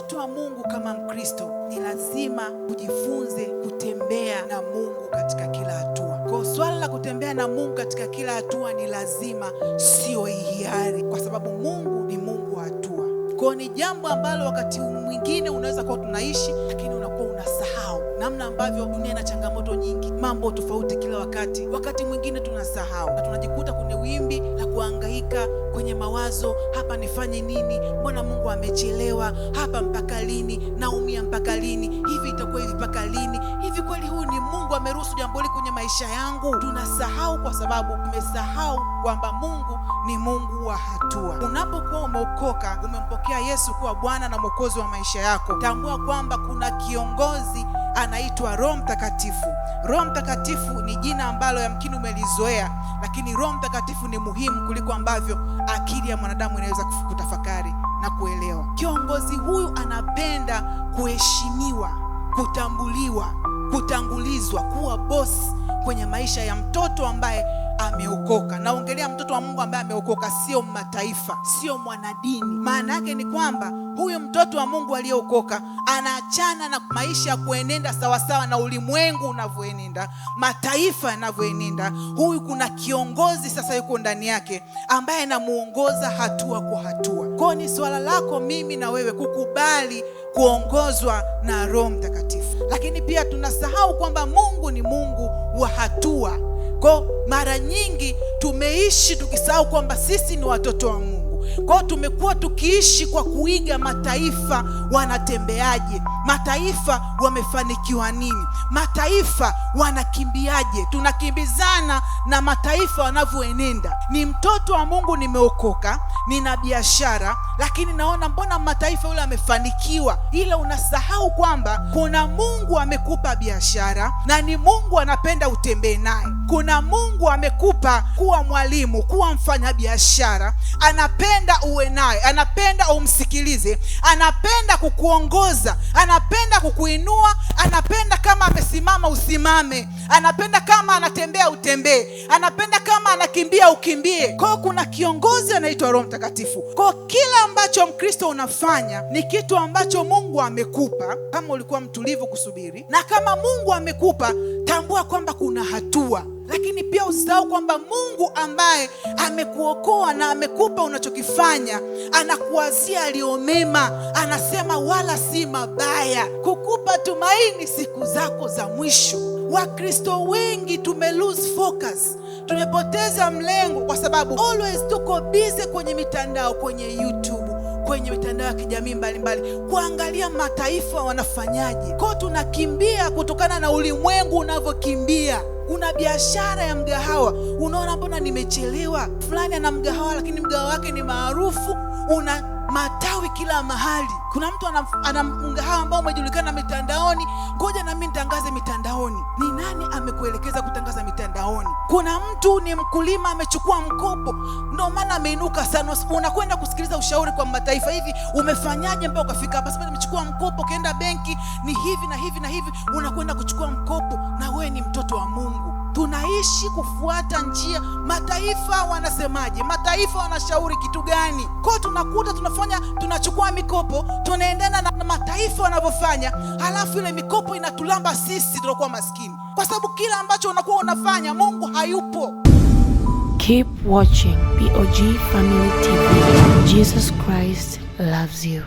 mtoto wa Mungu kama Mkristo ni lazima ujifunze kutembea na Mungu katika kila hatua. Kwa swala la kutembea na Mungu katika kila hatua ni lazima, sio hiari, kwa sababu Mungu ni Mungu wa hatua. Kwa ni jambo ambalo wakati mwingine unaweza kuwa tunaishi lakini namna ambavyo dunia ina changamoto nyingi, mambo tofauti kila wakati. Wakati mwingine tunasahau na tunajikuta kwenye wimbi la kuangaika kwenye mawazo, hapa nifanye nini? Mbona Mungu amechelewa? Hapa mpaka lini? Naumia mpaka lini? Hivi itakuwa hivi mpaka lini? Mungu ameruhusu jambo hili kwenye maisha yangu. Tunasahau kwa sababu umesahau kwamba Mungu ni Mungu wa hatua. Unapokuwa umeokoka, umempokea Yesu kuwa Bwana na Mwokozi wa maisha yako, tambua kwamba kuna kiongozi anaitwa Roho Mtakatifu. Roho Mtakatifu ni jina ambalo yamkini umelizoea, lakini Roho Mtakatifu ni muhimu kuliko ambavyo akili ya mwanadamu inaweza kutafakari na kuelewa. Kiongozi huyu anapenda kuheshimiwa, kutambuliwa kutangulizwa kuwa bosi kwenye maisha ya mtoto ambaye ameokoka. Naongelea mtoto wa Mungu ambaye ameokoka, sio mataifa, sio mwanadini. Maana yake ni kwamba huyu mtoto wa Mungu aliyeokoka anaachana na maisha ya kuenenda sawasawa na ulimwengu unavyoenenda, mataifa yanavyoenenda. Huyu kuna kiongozi sasa yuko ndani yake ambaye anamuongoza hatua kwa hatua. Kwa ni swala lako mimi na wewe kukubali kuongozwa na Roho Mtakatifu, lakini pia tunasahau kwamba Mungu ni Mungu wa hatua kwa mara nyingi tumeishi tukisahau kwamba sisi ni watoto wa Mungu. Kwa tumekuwa tukiishi kwa kuiga mataifa wanatembeaje Mataifa wamefanikiwa nini? Mataifa wanakimbiaje? Tunakimbizana na mataifa wanavyoenenda. Ni mtoto wa Mungu, nimeokoka, nina biashara, lakini naona mbona mataifa yule amefanikiwa, ila unasahau kwamba kuna Mungu amekupa biashara na ni Mungu anapenda utembee naye. Kuna Mungu amekupa kuwa mwalimu, kuwa mfanya biashara anapenda uwe naye, anapenda umsikilize, anapenda kukuongoza, anapenda anapenda kukuinua, anapenda kama amesimama usimame, anapenda kama anatembea utembee, anapenda kama anakimbia ukimbie. Kwao kuna kiongozi anaitwa Roho Mtakatifu. Kwao kila ambacho Mkristo unafanya ni kitu ambacho Mungu amekupa, kama ulikuwa mtulivu kusubiri, na kama Mungu amekupa, tambua kwamba kuna hatua lakini pia usisahau kwamba Mungu ambaye amekuokoa na amekupa unachokifanya anakuwazia aliyomema, anasema mabaya, kukupa tumaini siku zako za mwisho. Wakristo wengi tume lose focus, tumepoteza mlengo kwa sababu always tuko busy kwenye mitandao, kwenye YouTube, kwenye mitandao ya kijamii mbalimbali, kuangalia mataifa wanafanyaje. Kwao tunakimbia kutokana na ulimwengu unavyokimbia una biashara ya mgahawa, unaona mbona nimechelewa, fulani ana mgahawa lakini mgahawa wake ni maarufu, una matawi kila mahali. Kuna mtu anamfunga hawa ambao umejulikana mitandaoni, ngoja na mimi nitangaze mitandaoni. Ni nani amekuelekeza kutangaza mitandaoni? Kuna mtu ni mkulima, amechukua mkopo, ndio maana ameinuka sana. Unakwenda kusikiliza ushauri kwa mataifa, hivi umefanyaje mpaka ukafika hapa? Sasa nimechukua mkopo, kaenda benki ni hivi na hivi na hivi. Unakwenda kuchukua mkopo, na wewe ni mtoto wa Mungu tunaishi kufuata njia. Mataifa wanasemaje? Mataifa wanashauri kitu gani? Kwa tunakuta tunafanya, tunachukua mikopo, tunaendana na mataifa wanavyofanya, halafu ile mikopo inatulamba sisi tunakuwa maskini, kwa sababu kila ambacho unakuwa unafanya Mungu hayupo. Keep watching POG Family TV. Jesus Christ loves you.